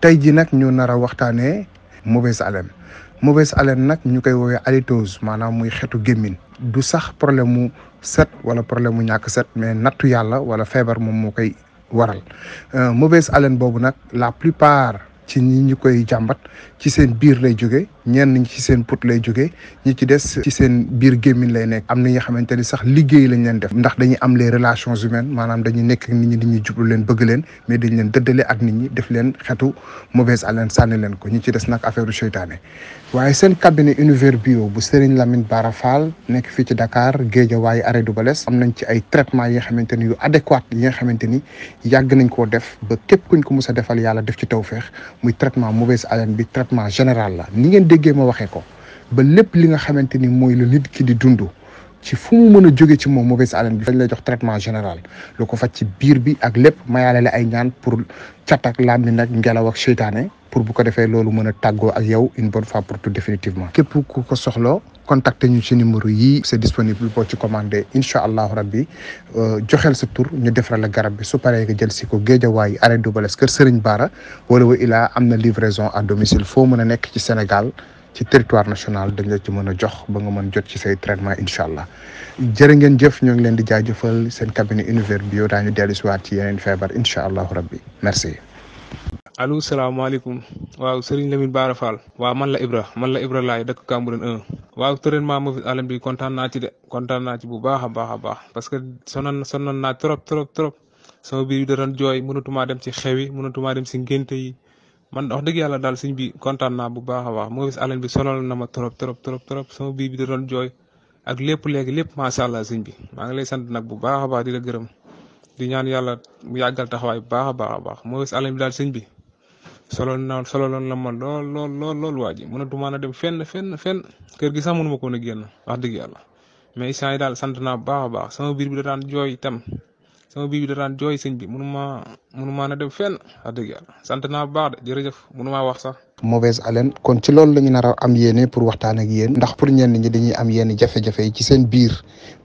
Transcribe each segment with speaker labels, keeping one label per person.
Speaker 1: tey ji nag ñu nar a waxtaanee mauvaise haleine mauvaise haleine nag ñu koy woowee halitose maanaam muy xeetu gémmiñ du sax problème mu set wala problème mu ñàkk set mais nattu yàlla wala feebar moom moo koy waral euh, mauvaise haleine boobu nag la plupart ci ñi ñu koy jàmbat ci seen biir lay jóge ñeen ñi ci seen put lay jóge ñi ci des ci seen biir gémmiñ lay nekk am na ñoo xamante ni sax liggéey lañ leen def ndax dañuy am les relations humaines maanaam dañuy nekk ak nit ñi dañuy jublu leen bëgg leen mais dañ leen dëddale ak nit ñi def leen xeetu mauvaise haleine sànni leen ko ñi ci des nag affaire u seytaane waaye seen cabinet univers bio bu Serigne Lamine Bara Fall nekk fii ci Dakar Guédiawaye arrêt du Balès am nañ ci ay traitement yi nga xamante ni yu adéquate nga xamante ni yàgg nañ koo def ba képp kuñ ko mus a defal yàlla def ci tawfeex muy traitement mauvaise haleine bi traitement général la ni ngeen déggee ma waxee ko ba lépp li nga xamante ni mooy lu nit ki di dundu ci fu mu mën a jóge ci moom mauvaise haleine bi dañ lay jox traitement général lu ko faj ci biir bi ak lépp mayaale la ay ñaan pour cat ak laam bi nag ngelaw ak seytaane pour bu ko defee loolu mën a tàggoo ak yow une bonne fois pour tout définitivement képp ko soxla Contactez-nous ci numéro c'est disponible pour tu commander. inshallah euh joxel sa tour, ñu la su nga jël ko arrêt Serigne Bara wala wa livraison à domicile fo mëna ci Sénégal ci territoire national dañ la ci mëna jox ba nga mëna jot ci say traitement inshallah jëf ñoo ngi leen di cabinet univers bio ci yeneen merci allo anu, salaamaaleykum waaw Serigne Lamine Bara Fall waaw man la Ibra man la Ibra laay dëkk Cambérène eh. 1 waaw traitement Mouride Alam bi kontaan naa ci de kontaan naa ci bu baax a baax a baax parce que sonoon sonoon naa trop trop trop sama biir bi da doon jooy mënatumaa dem ci xewi yi mënatumaa dem si ngénte yi man wax dëgg yàlla daal sëñ bi kontaan naa bu baax a baax Alam bi sonal na ma trop trop trop trop sama biir bi da jooy ak lépp léegi lépp macha allah sëñ bi maa ngi lay sant nag bu baax baax di la gërëm di ñaan yàlla mu yàggal taxawaay bu baax a baax a baax Alam bi daal sëñ bi solo na solo na ma lool lool lool lool waa ji mënatuma na dem fenn fenn fenn kër gi sax mënuma ko woon a génn wax dëgg yàlla mais instant daal sant naa bu baax a baax sama biir bi da daan jooy itam sama biir bi da daan bi mënu maa mënu maa na dem feen wax dëgg sant naa bu baax de jërëjëf mënu maa wax sax. mauvaise haleine kon ci loolu la ñu nar a am yéene pour waxtaan yéen ndax pour ñenn ñi dañuy am yenn jafe-jafe ci seen biir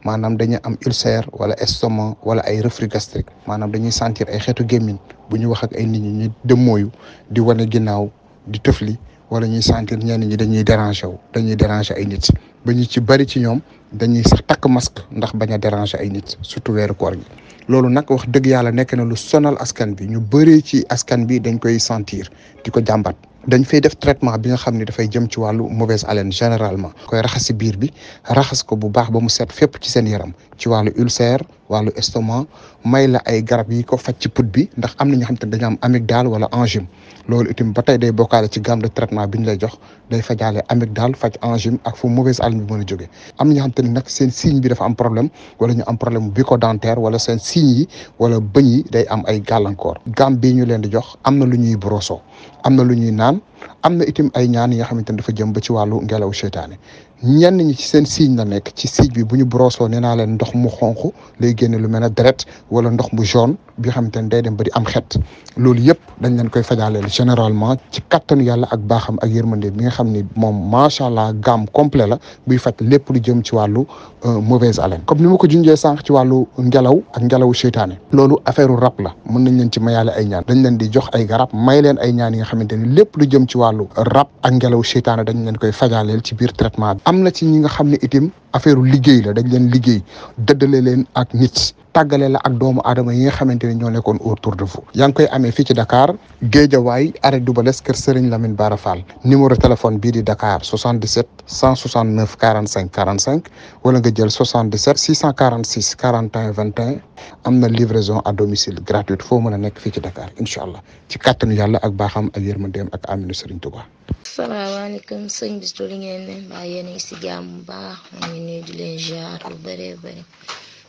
Speaker 1: maanaam dañuy am ulcère wala estomac wala ay reflux gastrique maanaam dañuy sentir ay xeetu gémmiñ bu ñu wax ak ay nit ñi ñu dëmmooyu di wane ginnaaw di tëfli wala ñuy sentir ñenn ñi dañuy déranger wu dañuy déranger ay nit ba ñu ci bari ci ñoom dañuy sax takk masque ndax bañ a déranger ay nit surtout weeru koor gi loolu nag wax dëgg yàlla nekk na lu sonal askan bi ñu bëree ci askan bi dañ koy sentir dañ fay def traitement bi nga xam jëm ci mauvaise haleine généralement koy raxas biir bi raxas ko bu baax ba mu set fépp ci seen yaram ci estomac may la ay garab yi ko faj ci put bi ndax am na ñoo xam te ne dañoo am amygdale wala angine loolu itam ba tey day bokkaale ci gamme de traitement bi ñu lay jox day fajaale daal faj angine ak fu mauvaise haleine bi mën a jóge am na ñoo xam te nag seen signe bi dafa am problème wala ñu am problème bucco-dentaire wala seen signe yi wala bëñ yi day am ay gàllankoor gamme bii ñu leen di jox am na lu ñuy broso am na lu ñuy naan am na itam ay ñaan yi nga xamante ne dafa jëm ba ci wàllu ngelaw seytaane ñenn ñi ci seen signe la nekk ci signe bi bu ñu broso nee naa leen ndox mu xonq lay génne lu mel ne deret wala ndox mu jaune bi xamante ne day dem ba di am xet loolu yëpp dañ leen koy fajaaleel généralement ci kattanu yàlla ak baaxam ak yërmande bi nga xam ni moom macha allah gamme complet la buy faj lépp lu jëm ci wàllu euh, mauvaise haleine comme ni ma ko junjee sànq wàllu ngelaw ak ngelawu seytaane loolu affaire rab la mun nañ leen ci mayaale ay ñaan dañ leen di jox ay garab may leen ay ñaan yi nga xamante ni lépp lu jëm ci wàllu rab ak ngelaw seytaane dañ leen koy fajaaleel ci biir traitement am na ci ñi nga xam ne itam affaire liggéey la dañ leen liggéey dëddale leen ak nit tàggale la ak doomu adama yi nga xamanteni ñoo nekkoon autour de vous yaa ngi koy amee fii ci Dakar Géejawaay arrêt Dubalès kër Serigne Lamine Bara Fall numéro téléphone bii di Dakar 77 169 45 45 wala nga jël 77 646 41 21 am na livraison à domicile gratuite foo mën a nekk fii ci Dakar incha allah ci kàttanu yàlla ak baaxam ak yërmandeem ak aminu Serigne Touba.
Speaker 2: salaamaaleykum sëñ bi li ngeen ne mbaa yéen ngi si jàmm bu baax maa nuyu di leen ziar lu bëree bëri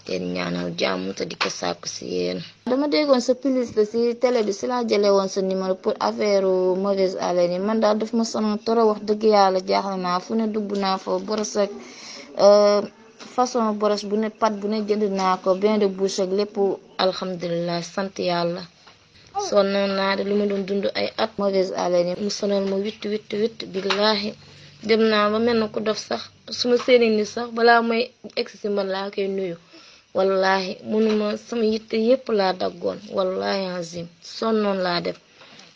Speaker 2: leen ñaanal jàmm te di ko sàkku si yéen dama déggoon sa pilis la si télé bi si laa jële woon sa numéro pour affaire mauvaise haleine yi man daal daf ma sonal trop wax dëgg yàlla jaaxle naa fu ne dugg naa fa boros ak euh, façon boros bu ne pat bu ne jënd naa ko bain de bouche ak lépp alhamdulilah sant yàlla sonnoon naa de li ma doon dund ay at mauvaise haleine yi mu sonal ma witt witt witt billaahi dem naa ba mel na ku dof sax su ma seeni nit sax balaa may egsi si man laa koy nuyu wallahi munuma sama yitte yépp laa daggoon wallahi azim sonnoon laa def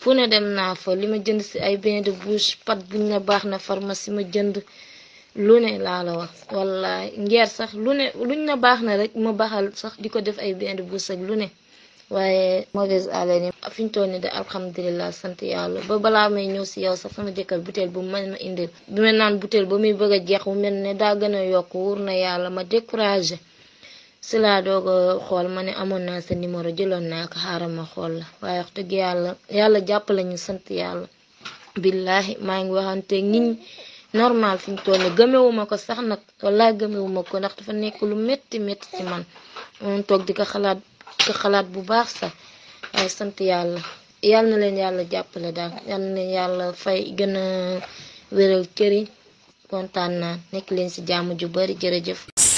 Speaker 2: fu ne dem naa fa li ma jënd ci ay bain de bouche pat buñ ne baax na pharmacie ma jënd lu ne laa la wax wallahi ngeer sax lu ne luñ ne baax na rek ma baaxal sax di ko def ay bain de bouche ak lu ne waaye mauvaise haleine yi fi ñu toll nii de alhamdulilah sant yàlla ba balaa may ñëw si yow sax sama jëkkër butéel bu man ma indil bi ma naan butéel ba muy bëgg a jeex mu mel ne daa gën yokk wóor na yàlla ma découragé si laa doog xool ma ne amoon naa sa numéro jëloon naa ko xaaral ma xool la waaye wax dëgg yàlla yàlla jàppale ñu sant yàlla billahi maa ngi waxante nit ñi normal fi mu toll gëmewuma ko sax nag wallaay gëmewuma ko ndax dafa nekk lu métti métti ci man moom toog di ko xalaat ko xalaat bu baax sax waaye sant yàlla yàlla na leen yàlla jàppale daal yàlla leen yàlla fay gën a wéral cëriñ kontaan naa nekk leen si jàmm ju bari jërëjëf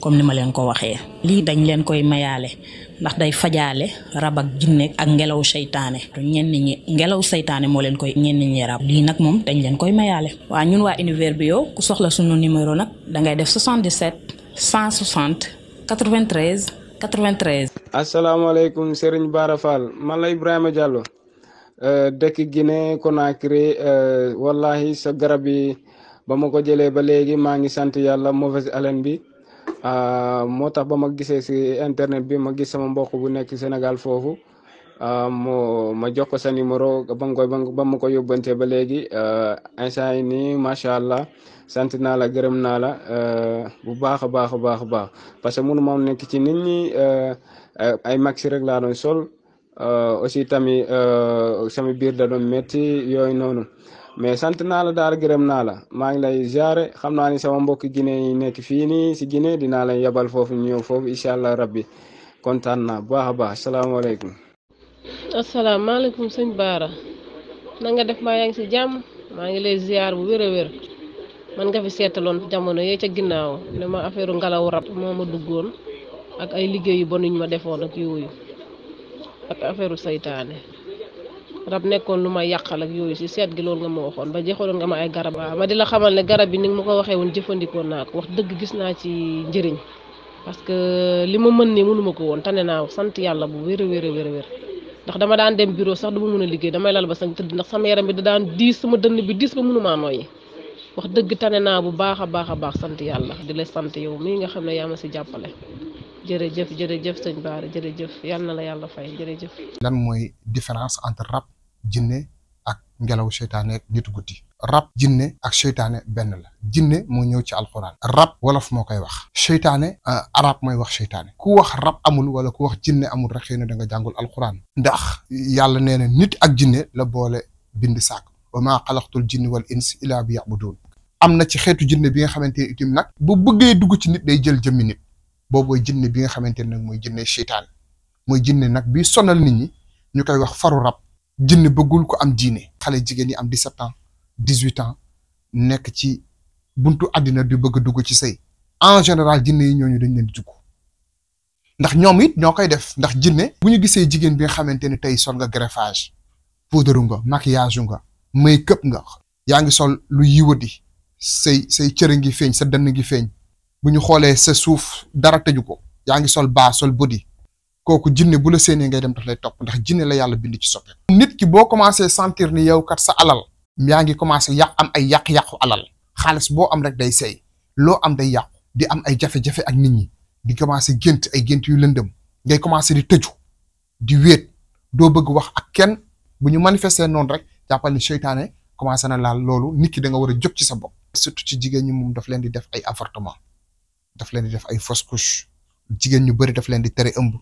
Speaker 3: comme ni ma leen ko waxee lii dañ leen koy mayaale ndax day fajaale rab ak jinne ak ngelaw seytaane ñenn ñi ngelaw seytaane moo leen koy ñenn ñi rab lii nag moom dañ leen koy mayaale waa ñun waa univers bi yow ku soxla sunu numéro nag dangay def 77 160 93 93
Speaker 1: asalaamaaleykum Serigne Bara Fall man la a Diallo euh, dëkk Guinée Conakry euh, wallahi sa garab ba ma ko jëlee ba léegi maa ngi sant yàlla mauvaise haleine bi Euh, moo tax ba ma gisee si internet bi ma gis sama mboq bu
Speaker 4: nekk Sénégal foofu euh, moo ma jox ko sa numéro ba nga koy ba ma ko yóbbante ba léegi euh, instant yi nii macha allah sant naa la gërëm naa la bu baax a baax baax baax parce que mënu ma nekk ci nit ñi ay maxi rek laa doon sol aussi tamit sama biir da doon métti yooyu noonu. mais sant naa la daal gërëm naa la maa ngi lay jaare xam naa ni sama mbokk Guinée yi nekk fii nii si Guinée dinaa lay yabal foofu ñëw foofu incha allah rabbi kontaan naa bu baax a baax
Speaker 5: salaamaaleykum. asalaamaaleykum sëñ Baara na nga def maa yaa ngi si jàmm maa ngi lay ziar bu wér wér man nga fi seetaloon jamono yee ca ginnaaw ne ma affaire ngelaw rab moo ma duggoon ak ay liggéeyu yu bon ma defoon ak yooyu ak affaire saytaane. rab nekkon luma yakal ak yooyu ci seet gi loolu nga ma waxon ba jeexaloon nga ma ay garab ma di la xamal ne garab bi ni nga ko waxe won jëfandikoo nak wax deug gis na ci njeriñ parce que lima meun ni munu mako won tanena tane naa sant bu wer wer wer wer ndax dama daan dem bureau sax duma meuna liggey damay lal ba sax tëdd ndax sama yaram bi daan 10 sama dënn bi 10 ba munu ma noy wax deug tanena bu baakha baakha baax sante yalla di la sante yow mi nga xam ne ci jappale jere jef jere jef seigne bar jere jef yalla la yalla fay jere jef
Speaker 1: lan moy difference entre rap jinne ak ngelaw seytaane nitu guddi rab jinne ak seytaane ben la jinne mo ñëw ci alxuraan rab wolof mo koy wax seytaane arab moy wax seytaane ku wax rab amul wala ku wax jinne amul rek xeyna da nga jàngul alxuraan ndax yàlla neena nit ak jinne la boole bind sak wa maa xalaqtul wal ins illa bi yabudun am ci xetu jinne bi nga xamante itim nak bu bëggee dugg ci nit day jël jëmmi nit boobooy jinne bi nga xamante nak moy jinne seytaane moy jinne nak bi sonal nit ñi ñu koy wax faru rab jinne bëggul ko am diine xale jigéen yi am 17 ans 18 ans nekk ci buntu àddina di bëgg a dugg ci sëy en général jinne yi ñooñu dañ leen di jukk ndax ñoom it ñoo koy def ndax jinne bu ñu gisee jigéen bi nga xamante ni tey sol nga greffage poudre nga maquillage nga make-up nga yaa ngi sol lu yiwadi say say cër ngi feeñ sa dënn ngi feeñ bu ñu xoolee sa suuf dara tëju ko yaa ngi sol baa sol body koku jinne bu la seeni ngay dem daf lay topp ndax jinne la yalla bind ci soppe nit ki bo commencé sentir ni yow kat sa alal yaa ngi commencé yak am ay yak yak alal xaalis bo am rek day sey lo am day yak di am ay jafe-jafe ak nit ñi di commencé gënt ay gënt yu lëndëm ngay commencé di tëju di wéet do bëgg wax ak kenn bu ñu manifester non rek jappal ni shaytané commencé na laal lolu nit ki da nga wara jox ci sa bopp. surtout ci jigeen ñi mum daf leen di def ay avortement daf leen di def ay fausse couche jigeen ñu bari daf leen di téré ëmb.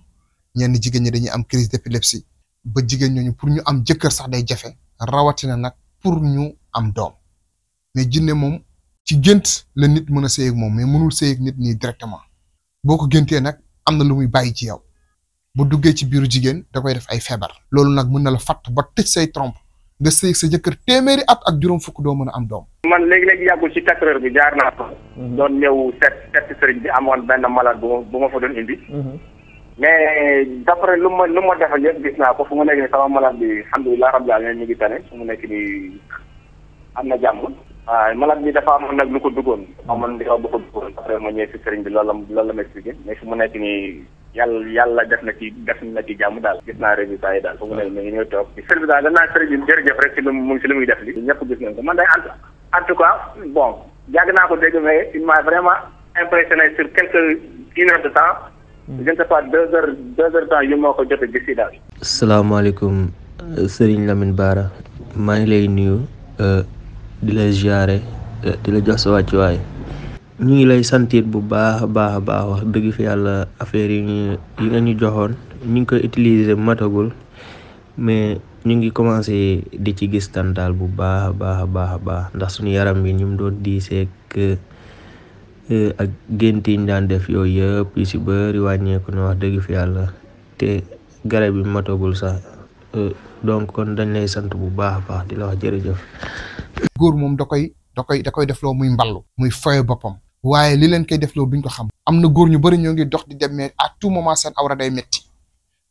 Speaker 1: ñenn jigéen ñi dañuy am crise d'épilepsie ba jigéen ñooñu pour ñu am jëkkër sax day jafe rawatina nag pour ñu am doom mais jinne moom ci gént la nit mën a sëy moom mais mënul sëy nit ñi directement boo ko géntee nag am na lu muy bàyyi ci yow bu duggee ci biiru jigéen da koy def ay feebar loolu nag mën na la fat ba tëj say trompe nga sëy sa jëkkër téeméeri at ak juróom fukk doo mën a am doom
Speaker 4: man léegi-léegi yàggul ci quatre bi jaar naa ko mhm. doon ñëw seet mais d'après lu ma lu ma defal yëpp gis naa ko fu mu nekk nii sama malade bi alhamdulilah rabbil alamin ñu ngi tane fu mu nekk nii am na jàmm. waaw malade bi dafa amoon nag lu ko duggoon amoon di ko bu ko duggoon après ma ñëw si sëriñ bi loolu la loolu la ma expliqué mais fu mu nekk nii yàlla yàlla def na ci def na ci jàmm daal gis naa résultat yi daal fu mu nekk nii ñëw toog sëriñ bi daal dañ naa sëriñ bi jërëjëf rek si lu mu si li muy def li ñëpp gis nañ ko man day en tout cas bon yàgg naa ko dégg mais il m'a vraiment impressionné sur quelques une heure de temps je ne sais pas deux salaamaaleykum Serigne Lamine Bara maa ngi lay nuyu euh, di la ziare euh, di la jox sa wàccuwaay. ñu ngi lay santit bu baax baax baax wax dëgg fi yàlla affaire yi ñu nga ñu joxoon ñu ngi koy utiliser matagul mais ñu ngi commencé di ci gis tantaal bu baax baax a baax a baax ndax suñu yaram bi ñu doon diisee euh, Eh, ak gént yi ñu daan def yooyu yëpp yu si bëri wàññeeku na wax dëgg fi yàlla te garab yi matagul sax eh, donc kon dañ lay sant bu baax a baax di la wax jërëjëf.
Speaker 1: góor moom da koy da koy da koy defloo muy mballu muy foye boppam. waaye li leen koy defloo duñ ko xam. am na góor ñu bari ñoo ngi dox di dem mais à tout moment seen awra day metti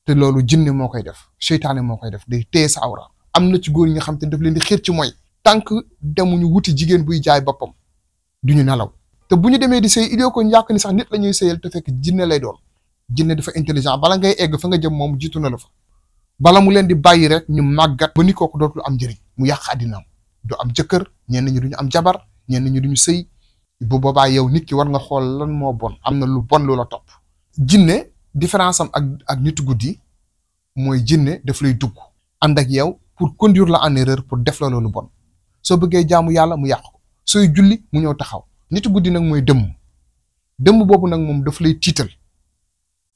Speaker 1: te loolu jinne moo koy def seytaane moo koy def day téye sa awra am na ci góor yi nga xam te daf leen di xiir ci mooy. tant que demuñu wuti jigéen buy jaay boppam duñu nelaw. te bu ñu demee di sëy idioo ko njàkk ni sax nit la ñuy sëyal te fekk jinne lay doon jinne dafa intelligent bala ngay egg fa nga jëm moom jiitu na la fa bala mu leen di bàyyi rek ñu màggat ba ni kooku dootul am jariñ mu yàq àddinaam du am jëkkër ñenn ñi duñu am jabar ñenn ñi duñu sëy bu boobaa yow nit ki war nga xool lan moo bon am na lu bon lu la topp jinne différence am ak ak nit guddi mooy jinne daf lay dugg ànd ak yow pour conduire la en pour def la loolu bon soo bëggee jaamu yàlla mu yàq ko sooy julli mu ñëw taxaw nitu guddi nak moy dem dem bobu nak mom daf lay tital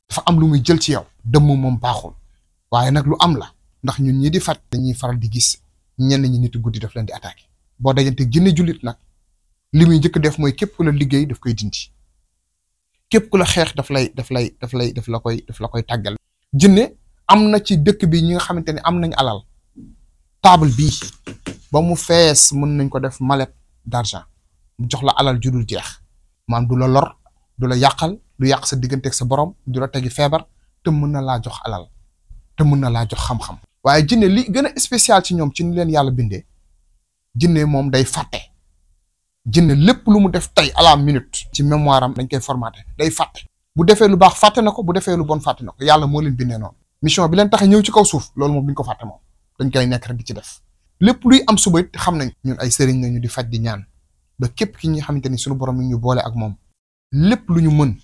Speaker 1: dafa am lu muy jël ci yow dem mom baxul waye nak lu am la ndax ñun ñi di fat dañuy faral di gis ñen ñi nitu guddi daf leen di attaquer bo dajante jinne julit nak limi jëk def moy kep ko la liggéey daf koy dindi kep ko la xex daf lay daf lay daf lay daf la koy daf la koy jinne amna ci dëkk bi ñi nga xamanteni am nañ alal table bi ba mu fess mën nañ ko def mallette d'argent jox la alal ju jeex man du la lor du la yàqal du yak sa digganteeg sa borom du la tegi febar te mën na la jox alal te mën na la jox xam-xam. waye jinne li gëna spécial ci ñom ci ñu leen yalla bindé jinne mom day faté jinne lepp lu mu def tay ala minute. ci mémoire am dañ koy formaté day faté bu défé lu bax faté nako bu défé lu bon faté nako yalla mo leen bindé non mission bi leen taxé ñew ci kaw suuf loolu ko faté moom dañ koy nekk rek di ci def lepp luy am suba it xam nañ ñun ay sëriñ nañu di fajj di ñaan. ba képp ki ñi xamante ni suñu borom mi ñu boole ak moom lépp lu ñu mën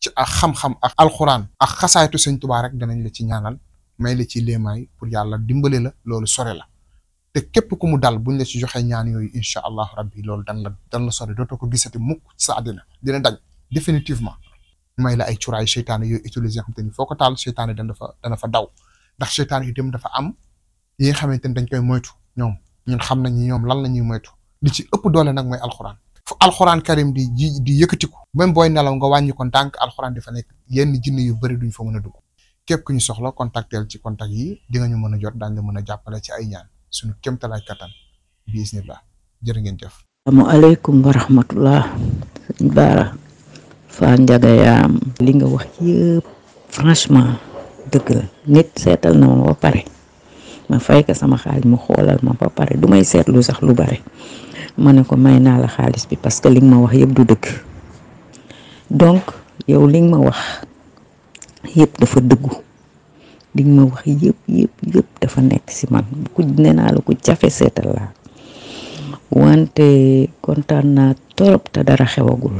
Speaker 1: ci ak xam-xam ak alxuraan ak xasaaytu sëñ Tuubaa rek danañ la ci ñaanal may la ci léemaay pour yàlla dimbale la loolu sore la te képp ku mu dal buñ la ci joxee ñaan yooyu incha allah rabbi loolu dan la dan la sore dootoo ko gisati mukk sa àddina dina dañ définitivement may la ay curaay seytaane yooyu utiliser nga foo ko taal seytaane dana fa dana fa daw ndax seytaane itam dafa am yi nga xamante ni dañ koy moytu ñoom ñun xam nañ ñoom lan la ñuy moytu di ci ëpp doole nak moy alquran fu alquran karim di di yëkëtiku même boy nalaw nga wañu kon tank alquran di fa nekk yenn jinn yu bari duñ fa mëna dugg képp ku ñu soxla contactel ci contact yi di nga ñu mëna jot daañu la mëna jappalé ci ay ñaan suñu kéemtalaay kattan bismillah jër ngeen jëf
Speaker 3: alaykum wa rahmatullah bara fa ndaga njagayaam li nga wax yépp franchement deug la nit sétal na ma ba ma fay ka sama xaalis mu xolal ma ba paré dumay sétlu sax lu bare ma ne ko may naa la xaalis bi parce que li nga ma wax yëpp du dëgg donc yow li nga ma wax yëpp dafa dëggu li ma wax yëpp yëpp dafa nekk si man ku nee naa la ku jafe seetal laa wante kontaan naa torop te dara xewagul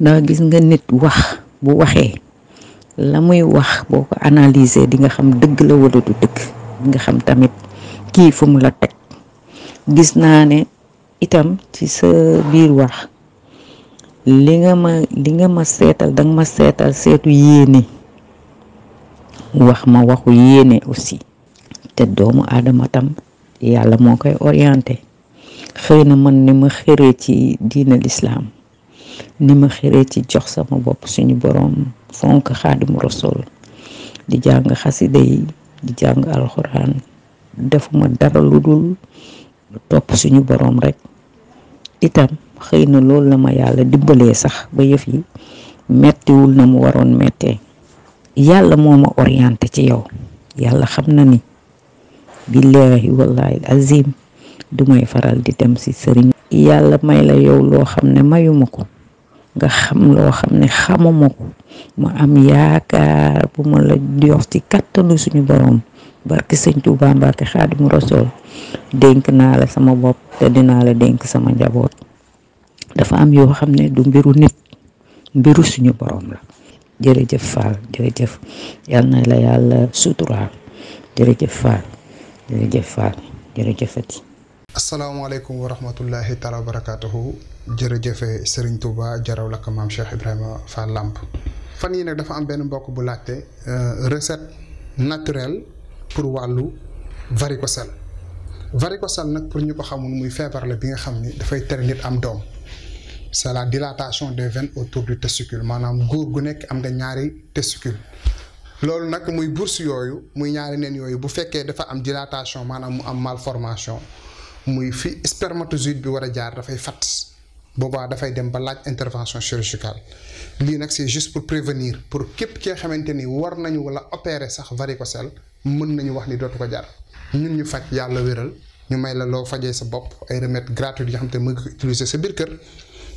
Speaker 3: ndax gis nga nit wax bu waxee la muy wax boo ko analyser di nga xam dëgg la wala du dëgg nga xam tamit kii fu mu la teg gis naa ne itam ci sa bir wax li nga ma li nga ma seetal dang ma seetal seetu yéene wax ma waxu yéene aussi te doomu adama tam yalla mo koy orienté xeyna man ni ma xëree ci diina l'islam ni ma xëree ci jox sama bop suñu borom fonk khadim rasul di jang khaside yi di jàng alxuraan defuma dara lu top suñu borom rek itam xëy na loolu la ma yàlla dimbalee sax ba yëf yi mettiwul na mu waroon mettee yàlla moo ma orienté ci yow yàlla xam na ni billaahi wallaahi azim du may faral di dem ci sëriñ yàlla may la yow loo xam ne mayuma ko nga xam loo xam ne xamuma ko ma am yaakaar bu ma la jox ci kàttanu suñu boroom barki sëñ touba Mbàkke khadim Rasuul denk na la sama bop te dina la denk sama njabot dafa am yo xamne du mbiru nit mbiru suñu borom la jërëjëf Fall jere yal na la yàlla suturaal jërëjëf Fall jërëjëf Fall
Speaker 1: assalamu alaykum wa rahmatullahi taala wa jere jërëjëfe Serigne Touba jaraw la ko maam Cheikh Ibrahima Fall Lamp fan yi nag dafa am ben mbok bu laajte euh, recette naturelle pour walu varicocele. Varicocele, nak pour ñu ko xamul muy feebar la bi nga xam da fay tere nit am doom c'est la dilatation des veines autour du testicule Manam goor gu nek am nga ñaari testicule loolu nak muy bourse yoyu muy ñaari nen yoyu bu féké dafa am dilatation manam mu am malformation muy fi spermatozoïde bi jaar da fay fat fatt da fay dem ba laaj intervention chirurgicale Li nak c'est juste pour prévenir pour képp kee xamante war nañu wala opérer sax varicocele. mën nañu wax ni dootu ko jar ñun ñu faj yàlla wéral ñu may la loo fajee sa bopp ay remèdes gratuits yoo xam te mën nga ko utiliser sa biir kër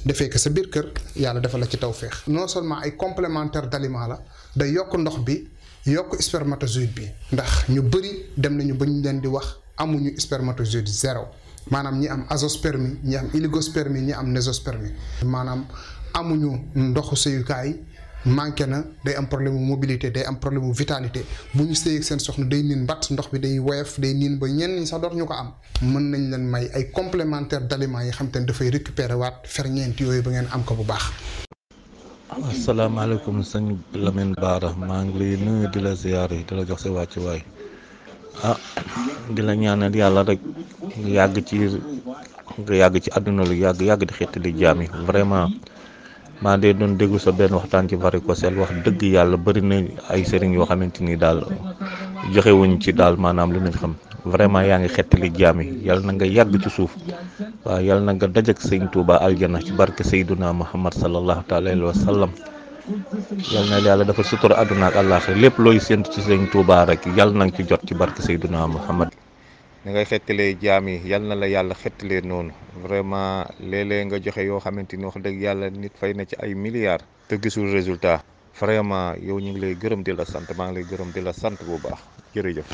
Speaker 1: defee ko sa biir kër yàlla defal la ci feex non seulement ay complémentaire d'aliments la day yokk ndox bi yokk spermatozoïde bi ndax ñu bëri dem nañu ba ñu leen di wax amuñu spermatozoïde zéro maanaam ñi am azospermie ñi am oligospermie ñi am nésospermie maanaam amuñu ndoxu sëyukaay. manqué na day am problème mobilité day am problème bu vitalité bu ñu sëyeeg seen soxna day niin mbatt ndox bi day woyof day niin ba ñenn ñi sax doot ñu ko am mën nañ leen may ay complémentaire d'aliments yi xam te ne dafay récupérer waat ferñeent yooyu ba ngeen am ko bu baax
Speaker 4: sëñ Lamine Bara maa ngi lay nuyu di la ziyaar yi di la jox si wàcc waay ah di la ñaanal yàlla rek nga yàgg ci nga yàgg ci àdduna lu yàgg yàgg di xetti di jaam vraiment maa dee doon déglu sa benn waxtaan ci varicocèle wax dëgg yàlla bëri na ay sëriñ yoo xamante ni daal joxewuñ ci daal maanaam lu ñu xam vraiment yaa ngi xettali jaam yi yàlla na nga yàgg ci suuf waa yàlla na nga dajak sëñ Touba aljana ci barke Seyduna Muhammad sallallahu taala alayhi wa sallam yàlla na yàlla dafa sutura àdduna ak lépp looy séntu ci sëñ Touba rek yàlla na nga ci jot ci barke Seyduna Muhammad ni ngay xettalee jaam yi yal na la yàlla xettalee noonu vraiment léeg-léeg nga joxe yoo xamante ni wax dëgg yàlla nit fay na ci ay milliards te gisul résultat vraiment yow ñu ngi lay gërëm di la sant maa ngi lay gërëm di la sant bu baax jërëjëf.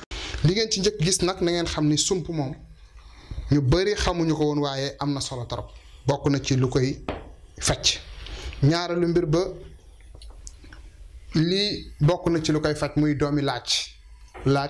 Speaker 1: li ngeen ci njëkk gis nag na ngeen xam ni sump moom ñu bëri xamuñu ko woon waaye am na solo trop bokk na ci lu koy faj ñaareelu mbir ba lii bokk na ci lu koy faj muy doomi laaj laaj.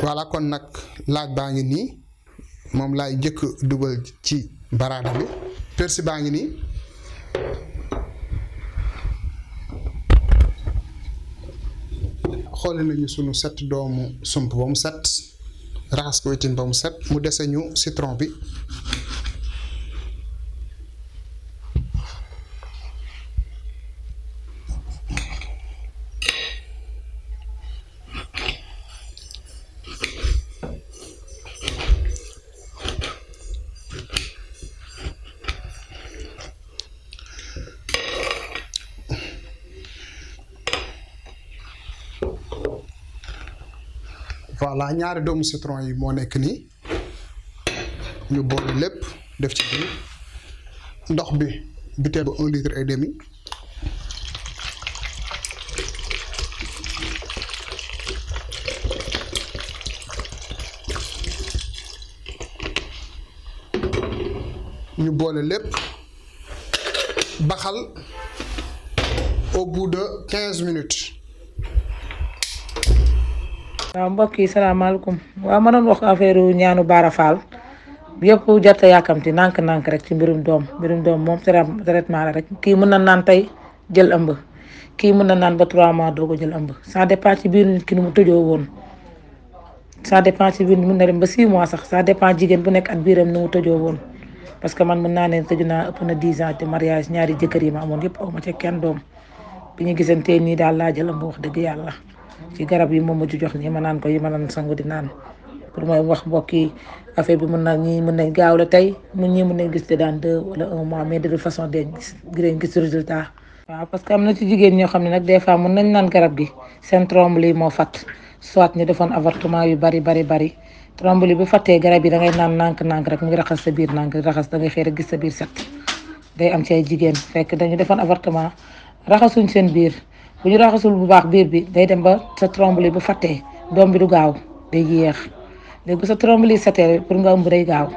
Speaker 1: voilà kon nag laaj baa ngi nii moom laay njëkk dugal ci baraada bi persi baa ngi nii xooli nañu sunu set doomu sump ba mu set raxas ko wetin ba mu set mu dese ñu citron bi On ñaari doomu citron yi moo nekk nii ñu boole def un litre et demi ñu boole au bout de 15 minutes
Speaker 5: waaw mbokk yi salaamaaleykum waaw ma doon wax affaire ñaanu baara faal yëpp jot a yàkkamti nànk-nànk rek ci mbirum doom mbirum doom moom traitement la rek kii mën na naan tey jël ëmb kii mën na naan ba trois mois doo ko jël ëmb ça dépend ci biir nit ki nu mu tëjoo woon saa dépend ci biir mun na dem ba six mois sax ça dépend jigéen bu nekk at biiram nu mu tëjoo woon parce que man mën naa ne tëju naa ëpp na dix ans te mariage ñaari jëkkër yi ma amoon yëpp aw ma ca kenn doom bi ñu gisantee nii daal laa jël ëmb wax dëgg yàlla ci garab yi moom ci jox ni ma nan ko yi ma nan sangu di nan pour moy wax mbokki affaire bi mën na ñi mën nañ gaaw la tay mu ñi mën nañ gis te daan deux wala un mois mais de toute façon de gren dinañ gis résultat waaw parce que amna ci jigen ñoo xamni nak des fois mën nañ nan garab gi sen tromble mo fat soit ñu defoon avortement yu bari bari bari tromble yi bu fattee garab yi da ngay nan nank nank rek mu ngi raxas sa bir nank raxas da ngay xëy rek gis sa bir set day am ci ay jigen fekk dañu defoon avortement raxasuñ sen bir bu ñu raxasul bu baax biir bi day dem ba sa tromboli bu fattee doom bi du gaaw day yéex léegi bu sa tromboli setee pour nga ëmb day gaaw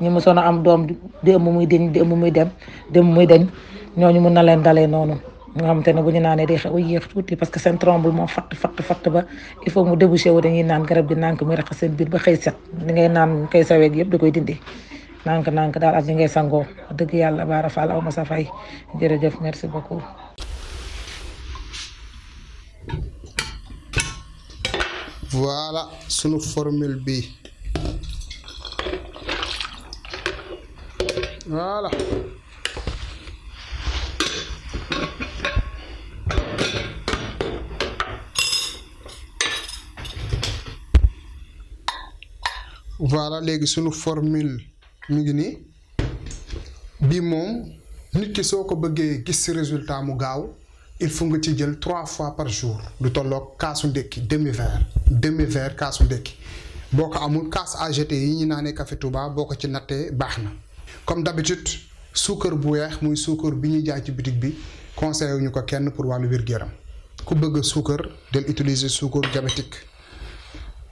Speaker 5: ñu mosoon a am doom di ëmb muy deñ di ëmb muy dem di ëmb muy deñ ñooñu mun na leen dalee noonu nga xam te ne bu ñu naanee day xaw a yéex tuuti parce que seen tromboli moom fatt fatt fatt ba il faut mu débouché wu dañuy naan garab gi nànk mu raxas seen biir ba xëy set li ngay naan koy saweeg yëpp da koy dindi nànk nànk daal ak li ngay sangoo dëgg yàlla baara faal aw ma sa fay jërëjëf merci beaucoup
Speaker 1: voilà sunu formule bi voilà voilà léegi sunu formule mu ngi ni bii moom nit ki soo ko bëggee gis ci résultat mu gaaw il faut que tu jël trois fois par jour lu tolloog casse ndékki demi verre demi verre kaasu ndékki boo ko amul à jeter yi ñu naanee café Touba boo bon ci nattee baax na comme d'habitude sucre bu mon muy suukar bi ñuy jaay ci bitig bi conseil wuñu ko kenn pour wàllu wér-gu-yaram ku bëgg suukar del utiliser suukar diabétique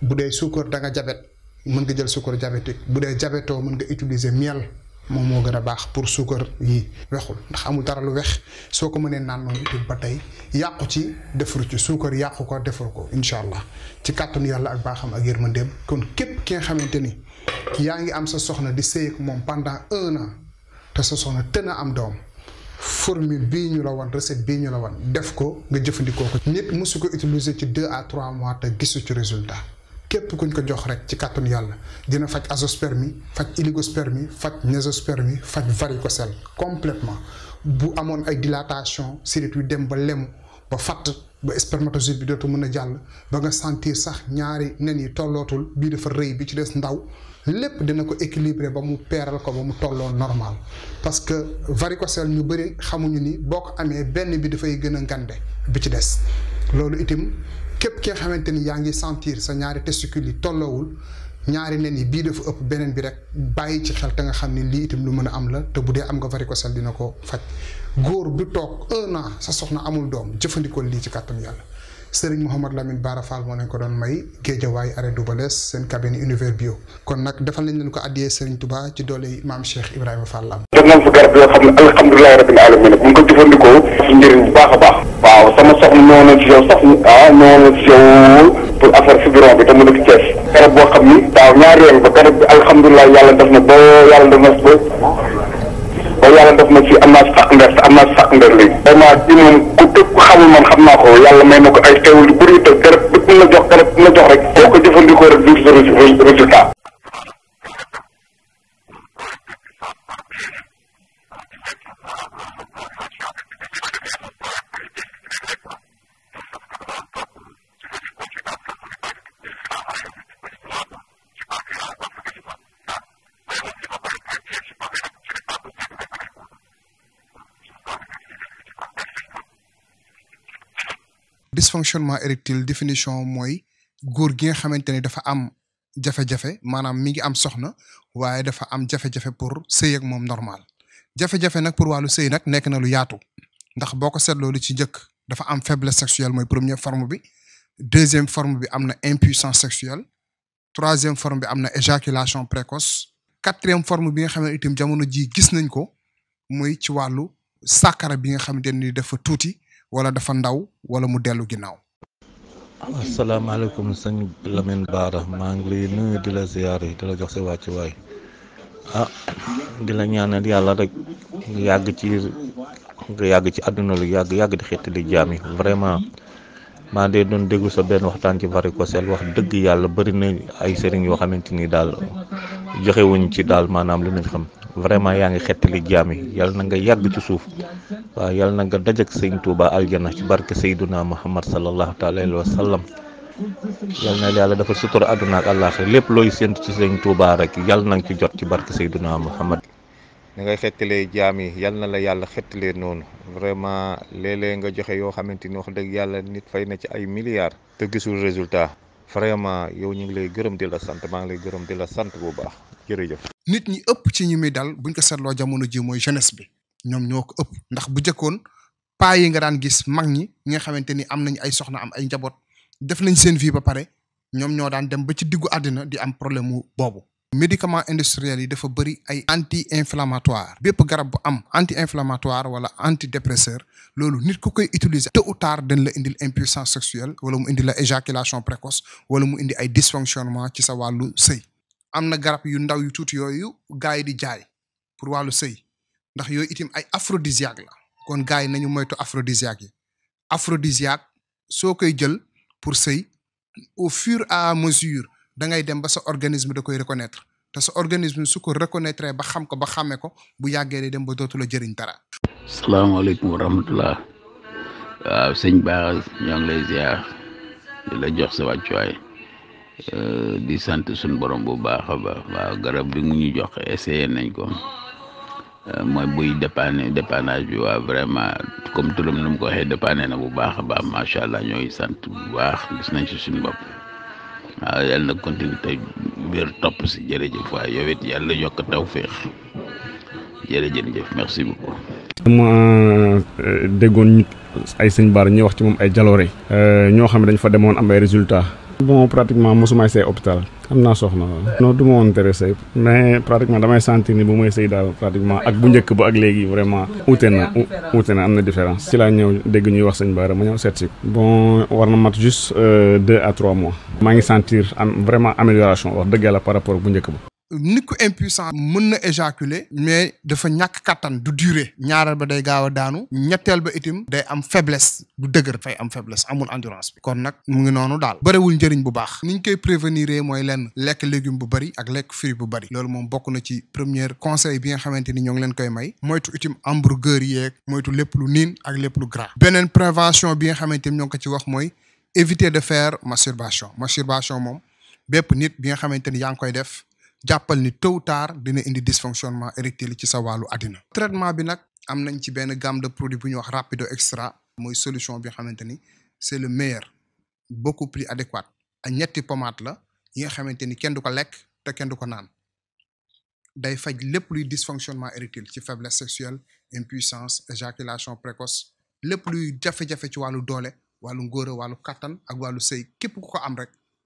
Speaker 1: bu sucre dans da nga jabet mën sucre jël diabétique bu diabète jabetoo mën utiliser miel moom moo gën a baax pour suukar yi wexul ndax amul dara lu wex soo ko mënee naan noonu utile ba tey yàqu ci defaru ci suukar yàqu ko defaru ko incha allah ci kàttanu yàlla ak baaxam ak yërmandeem kon képp ki nga xamante ni yaa ngi am sa soxna di sëy moom pendant un an te sa soxna tën a am doom formule bii ñu la wan recette bii ñu la wan def ko nga jëfandikoo ko. nit mosu ko utiliser ci deux à trois mois te gisu ci résultat. képp kuñ ko jox rek ci kàttun yàlla dina faj azoospermie faj oligospermie faj nésospermie faj varicocèle completement bu amoon ay dilatation sirit yu dem ba lem ba fatt ba spermatozoïde bi dootu mën a jàll ba nga sentir sax ñaari nen yi tollootul bii dafa rëy bi ci des ndaw lépp dina ko équilibrer ba mu peral ko ba mu tolloo normal parce que varicocèle ñu bëri xamuñu ni boo ko amee benn bi dafay gën a ngande bi ci des loolu itim képp ki nga xamante ni yaa ngi sentir sa ñaari testicule yi tolloowul ñaari nen yi bii dafa ëpp beneen bi rek bàyyi ci xel te nga xam ne lii itam lu mën a am la te bu dee am nga varicocèle dina ko faj góor bu toog un sa soxna amul doom jëfandikoo lii ci kàttan yàlla. Sëriñ Mouhamad Lamine Bara Fall moo leen ko doon may Géejawaay du Dubalès seen cabinet univers bio kon nag defal nañ leen ko addiyee Sëriñ tubaa ci doole maam Cheikh Ibrahima Fall am. def nañ fa garab yoo xam baax baax. bon sama soxna ñëwoon na ci yow sax ah ñëwoon pour affaire fibrome bi te mu nekk Thiès. garab boo xam ni daaw ñaari yoon ba garab bi alhamdulilah yàlla def na ba yàlla def na ba ba yàlla def na ci am naa sàq ndeer am naa sàq ndeer léegi. vraiment ci ku tëb ku xamul man xam naa ko yàlla may na ko ay xewul yu bëri te garab bi mu la jox garab bi mu la jox rek boo ko jëfandikoo rek du résultat. dysfonctionnement érectile définition mooy góor gi nga xamante ni dafa am jafe maanaam mi ngi am soxna waaye dafa am jafe pour sëy moom normal jafe nag pour wàllu sëy nag nekk na lu yaatu ndax boo ko seetloo lu ci njëkk dafa am faiblesse sexuelle mooy première forme bi deuxième forme bi am na impuissance sexuelle troisième forme bi am na éjaculation précoce quatrième forme bi nga xam ne jamono ji gis nañ ko muy ci wàllu sàkkara bi nga xamante ni dafa tuuti wala dafa ndaw wala mu dellu ginnaaw.
Speaker 4: asalaamaaleykum sëñ Lamine Bara maa ngi lay nuyu di la ziyaar yi di la jox sa wàccuwaay ah di la ñaanal yàlla rek nga yàgg ci nga yàgg ci àdduna lu yàgg yàgg di xetti di jaam vraiment maa dee doon déglu sa benn waxtaan ci varicocèle wax dëgg yàlla bëri na ay sëriñ yoo xamante ni daal joxewuñ ci daal maanaam lu ñu xam. vraiment yaa ngi xettali jaam yi yàlla na nga yàgg ci suuf waaw yàlla na nga dajak sëñ Touba aljana ci barke Seyduna Muhammad sallallahu taala alayhi wa sallam yàlla na yàlla dafa sutura àdduna ak àllaaxira lépp looy séntu ci sëñ Touba rek yàlla na nga ci jot ci barke Seyduna Muhammad na ngay xettalee jaam yi yàlla na la yàlla xettalee noonu vraiment léeg-léeg nga joxe yoo xamante ni wax dëgg yàlla nit fay na ci ay milliards te gisul résultat vraiment yow ñu ngi lay gërëm di la sant maa ngi lay gërëm di la sant bu baax jërëjëf
Speaker 1: nit ñi ëpp ci ñi muy dal buñ ko seetloo jamono ji mooy jeunesse bi ñoom ñoo ko ëpp ndax bu jëkkoon paa yi nga daan gis mag ñi nga xamante ni am nañ ay soxna am ay njaboot def nañ seen vie ba pare ñoom ñoo daan dem ba ci diggu àddina di am problème mu boobu. médicament industriel yi dafa bëri ay anti inflammatoire bépp garab bu am anti inflammatoire wala antidépresseur loolu nit ku koy utiliser tôt ou tard dañ la indil impuissance sexuelle wala mu indi la éjaculation précoce wala mu indi ay dysfonctionnement ci sa wàllu sëy am na garab yu ndaw yu tuuti yooyu gars yi di jaay pour wàllu sey ndax yooyu itim ay aphrodisiaque la kon gars yi nañu moytu aphrodisiaque yi aphrodisiaque soo koy jël pour sëy au fur à mesure da ngay dem ba sa organisme da koy reconnaître te sa organisme su ko ba xam ko ba xàmme ko bu yàggee day dem ba dootu la jëriñ dara.
Speaker 4: salaamaaleykum wa rahmatulah waaw sëñ Ba ñoo ngi lay ziar di la jox sa wàccuwaay. Euh, di sant suñ borom bu baax a baax waaw garab bi mu ñu jox essayé nañ ko euh, mooy buy dépanne dépannage bi waaw vraiment comme turam nu mu ko waxee dépanne na bu baax a baax macha allah ñooy sant bu baax gis nañ si suñu bopp waaw yàlla na continue te wér topp si jërëjëf waaye yow it yàlla yokk tawféex jërëjëf merci beaucoup. dama euh, déggoon ay sëñ baar ñuy wax ci moom ay jaloore. ñoo xam dañ fa demoon am ay résultats. bon pratiquement mosuma sey hôpital am naa soxna non du ma woon tere sëy mais pratiquement damay sentir ni bu may sëy daal pratiquement ak bu njëkk ba ak léegi vraiment uute na uute na am na différence ci laa ñëw dégg ñuy wax sëñ Bara ma ñëw seet si bon war na mat juste euh, deux à trois mois maa ngi sentir am vraiment amélioration wax dëgg par rapport bu njëkk ba
Speaker 1: nit ku impuissant mën na éjaculer mais dafa ñàkk kattan du durer ñaareel ba day gaaw a daanu ñetteel ba itim day am faiblesse du dëgër fay am faiblesse amul endurance bi kon nag mu ngi noonu daal bëriwul njëriñ bu baax niñ koy prévenir mooy lenn lekk légume bu bari ak lekk fruit bu bari loolu moom bokk na ci première conseil bi nga xamante ni ñoo ngi leen koy may moytu itim hamburger yeeg moytu lépp lu niin ak lépp lu gras beneen prévention bi nga xamante ni ñoo ngi ko ci wax mooy éviter de faire masturbation masturbation moom bépp nit bi nga xamante ni yaa def jàppal ni tôt ou tard dina indi dysfonctionnement érectile ci sa walu adina. traitement bi nak amnañ ci benn gamme de produits bu ñu wax rapido extra moy solution bi xamanteni c'est le meilleur beaucoup plus adéquat a ñetti pomade la yi nga xamanteni ni kenn du ko te kenn duko nan day faj lepp luy dysfonctionnement érectile ci faiblesse sexuelle impuissance éjaculation précoce lepp luy jafé jafé ci walu doole walu ngóora walu katan ak walu sey képp ku ko am rek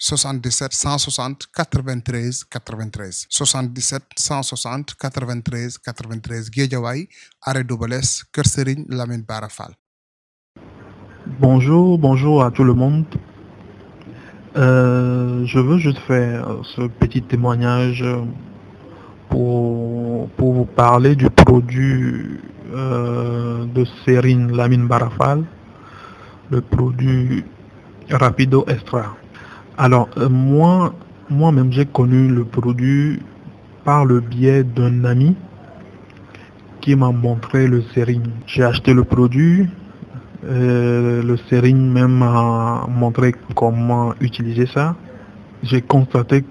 Speaker 1: 77 160 93 93 77 160 93 93 Guédiawaye arrêt DoubleS Lamine barafal
Speaker 6: Bonjour, bonjour à tout le monde. Euh, je veux juste faire euh, ce petit témoignage euh, pour, vous parler du produit de Serine Lamine Barafal, le produit Rapido Extra. Alors, euh, moi, moi-même, j'ai connu le produit par le biais d'un ami qui m'a montré le sering J'ai acheté le produit, euh, le sering même m'a montré comment utiliser ça. J'ai constaté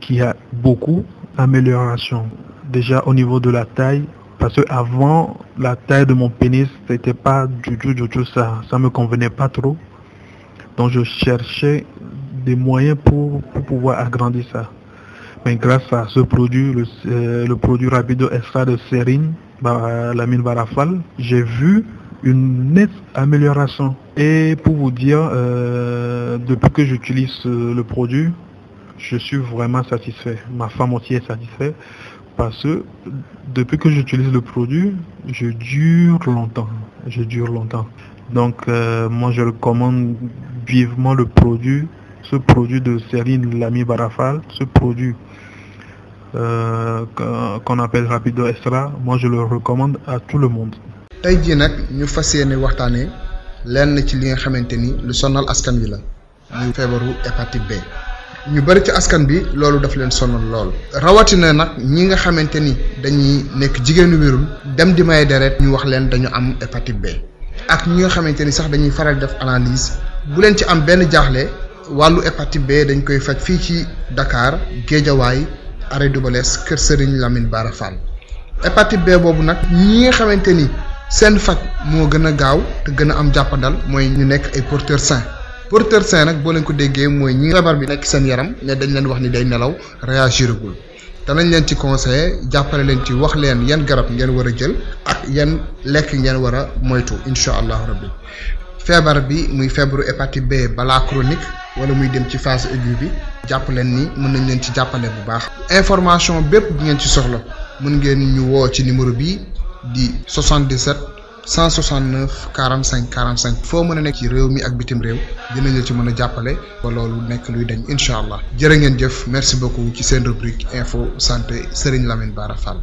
Speaker 6: qu'il y a beaucoup d'améliorations. Déjà au niveau de la taille, parce qu'avant avant la taille de mon pénis, c'était pas du tout, du tout ça. Ça me convenait pas trop. Donc je cherchais des moyens pour, pouvoir agrandir ça. Mais grâce à ce produit, le, euh, le produit Rabido Extra de Serine, bah, la mine Barafal, j'ai vu une nette amélioration. Et pour vous dire, euh, depuis que j'utilise euh, le produit, je suis vraiment satisfait. Ma femme aussi est satisfaite parce que depuis que j'utilise le produit, je dure longtemps. Je dure longtemps. Donc moi je recommande vivement le produit ce produit de Serine Lami Barafal, ce produit
Speaker 1: euh, qu'on appelle Rapido Extra, moi je le recommande à tout le monde. tey jii nag ñu fas yéene waxtaanee lenn ci li nga xamante ni lu sonal askan wi la ñu feebaru hépatite B ñu bari ci askan bi loolu daf leen sonal lool rawatina nag ñi nga xamante ni dañuy nekk jigéenu wérul dem di may deret ñu wax leen dañu am hépatite B ak ñi nga xamante ni sax dañuy faral def analyse bu leen ci am benn jaaxle wàllu hépatite B dañ koy faj fii ci dakaar Géejawaay arrêt du Balès Kër Serigne Lamine Bara Fall hépatite B boobu nag ñi nga xamante ni seen faj moo gën a gaaw te gën a am jàppandal mooy ñu nekk ay porteurs sains porteurs sains nag boo leen ko déggee mooy ñi feebar bi nekk seen yaram ne dañ leen wax ni day nelaw réagiragul danañ leen ci conseiller jàppale leen ci wax leen yan garab ngeen war a jël ak yan lekk ngeen war a moytu incha allahu rabbi feebar bi muy feebaru hépatite B balaa chronique. wala muy dem ci phase aiguë bi jàpp leen ni mën nañ leen ci jàppale bu baax. information bépp bu ngeen ci soxla mën ngeen ñu woo ci numéro bii di 77 169 45 45 foo mën a nekk ci réew mi ak bitim réew dinañ la ci mën a jàppale ba loolu nekk luy dañ incha allah jërë ngeen jëf merci beaucoup ci seen rubrique info santé Serigne Lamine Bara Fall.